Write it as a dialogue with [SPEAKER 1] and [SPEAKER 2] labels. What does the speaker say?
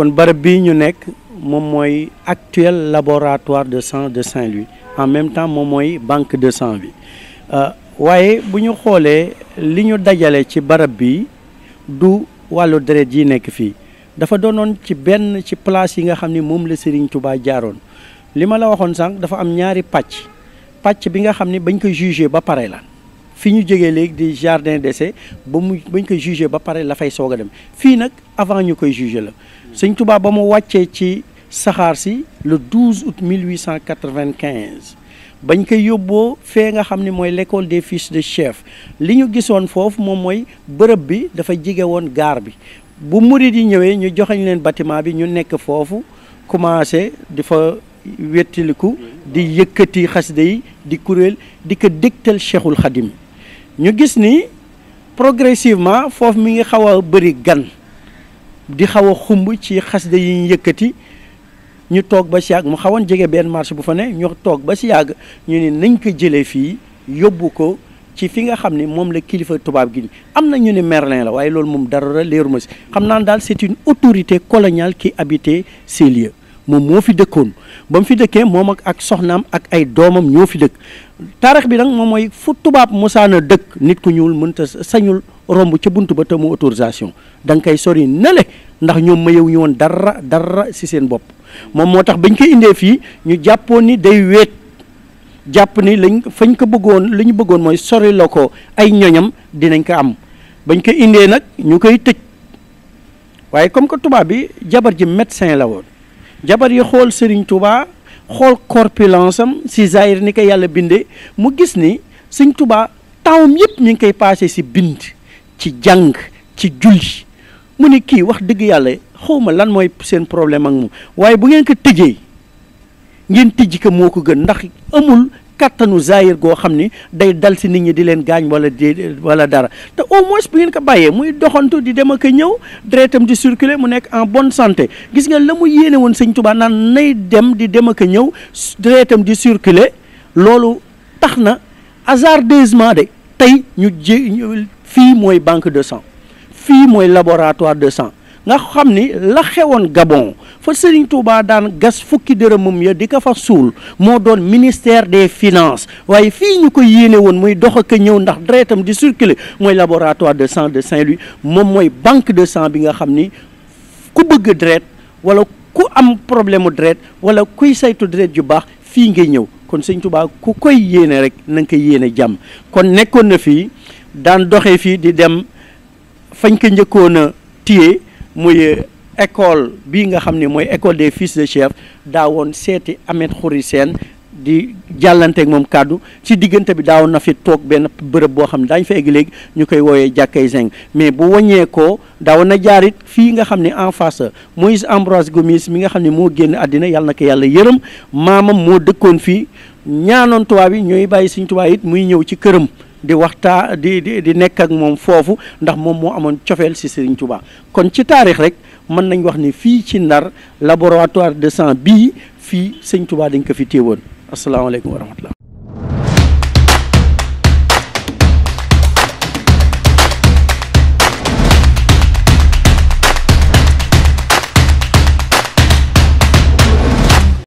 [SPEAKER 1] kon barab bii ñu nekk moom mooy actuel laboratoire de sang de Saint-Louis en même temps moom mooy banque de sang bi euh, waaye bu ñu xoolee li ñu dajale ci barab bi du wàllu deret yi nekk fii dafa doonoon ci benn ci place yi nga xam ni moom la Serigne Touba jaaroon li ma la waxoon sànq dafa am ñaari pàcc pàcc bi nga xam ni bañ koy jugé ba pare la fi ñu jógee léegi di jardin d'essai ba mu bañ koy jugé ba pare la fay soog a dem fii nag avant ñu koy jugé la sëñ Touba ba mu wàccee ci saxaar si le 12 août 1895 bañ koy yóbboo fee nga xam ni mooy l'école des fils de chef li ñu gisoon foofu moom mooy bërëb bi dafa jige woon gaar bi bu murid yi ñëwee ñu joxañ leen batiment bi ñu nekk foofu commencé di fa wettiliku di yëkkati xasida yi di kuréel di ko dégtal Cheikhul Khadim ñu gis ni progressivement foofu mi ngi xaw a bëri gan di xaw a xumb ci xasida yi ñu yëkkati ñu toog ba si yàgg mu xawoon jege benn marché bu fa ne ñu toog ba si yàgg ñu ni nañ ko jëlee fii yóbbu ko ci fi nga xam ni moom la kilifa tubaab gi am na ñu ne Merlin la waaye loolu moom dara ma si xam naa daal c'est une autorité coloniale qui habitait ces moom moo fi dëkkoon ba mu fi dëkkee moom ak ak soxnaam ak ay doomam ñoo fi dëkk taarix bi nag moom mooy fu tubaab mosaana dëkk nit ku ñuul mënta sañul romb ca bunt ba te mu autorisation da koy sori nele ndax ñoom mayewu ñu woon dara dara si seen bopp moom moo tax bañ ko indee fii ñu jàppoon ni day weet jàpp ni lañ fañ ko bëggoon lañu bëggoon mooy sori la ko ay ñoñam dinañ ko am bañ ko indee nag ñu koy tëj waaye comme que tubaab bi jabar ji médecin la woon jabar yi xool Serigne Touba xool corpulence am si zahir ni ko yàlla bindee mu gis ni Serigne Touba tawam yëpp ñu ngi koy passé si bind ci jàng ci julli mu ni kii wax dëgg yàlla xawma lan mooy seen problème ak mu waaye bu ngeen ko tëjee ngeen tijji ko moo ko gën ndax amul kattanu zaayir goo xam ni day dal si nit ñi di leen gaañ wala di wala dara te au moins bu ngeen ko bàyyee muy doxantu di dem ak a ñëw deretam di circuler mu nekk en bonn santé gis nga la mu yéene woon sañ Tuubaa naan nay dem di dem ak ñëw ñëw deretam di circuler loolu tax na hasardeusement de tey ñu jé fii mooy banque de sang fii mooy laboratoire de sang nga xam ni la xewoon Gabon fa Serigne Touba daan gas fukki dërëmam ya di ko fa suul moo doon ministère des finances waaye fii ñu ko yéene woon muy dox ak ñëw ndax deretam di circuler mooy laboratoire de sang de Saint-Louis moom mooy banque de sang bi nga xam ni ku bëgg deret wala ku am problème mu deret wala kuy saytu deret ju baax fii ngay ñëw kon Serigne Touba ku koy yéene rek na nga ko yéene jàmm kon nekkoon na fii daan doxee fii di dem fañ ko njëkkoon a téye muy école bii nga xam ne mooy école des fils de chef daawoon seeti Ahmed Khoury Sène di jàllanteek moom kàddu ci diggante bi daawoon na fi toog benn bërëb boo xam ne daañ fa egg ñu koy wooyee jàkkay zinc mais bu waññeekoo daawoon na jaarit fii nga xam ne en face Moïse Ambroise Gomis mi nga xam ne moo génn àddina yàlla na ko yàlla yërëm maamam moo dëkkoon fii ñaanoon tubaab yi ñooy bàyyi suñ tubaab it muy ñëw ci këram. di waxtaa di di di nekk ak moom foofu ndax moom moo amoon cofeel si Serigne Touba kon ci taarix rek mën nañ wax ni fii ci Ndar laboratoire de sang bii fii Serigne Touba dañ ko fi téewoon asalaamaaleykum wa rahmatullah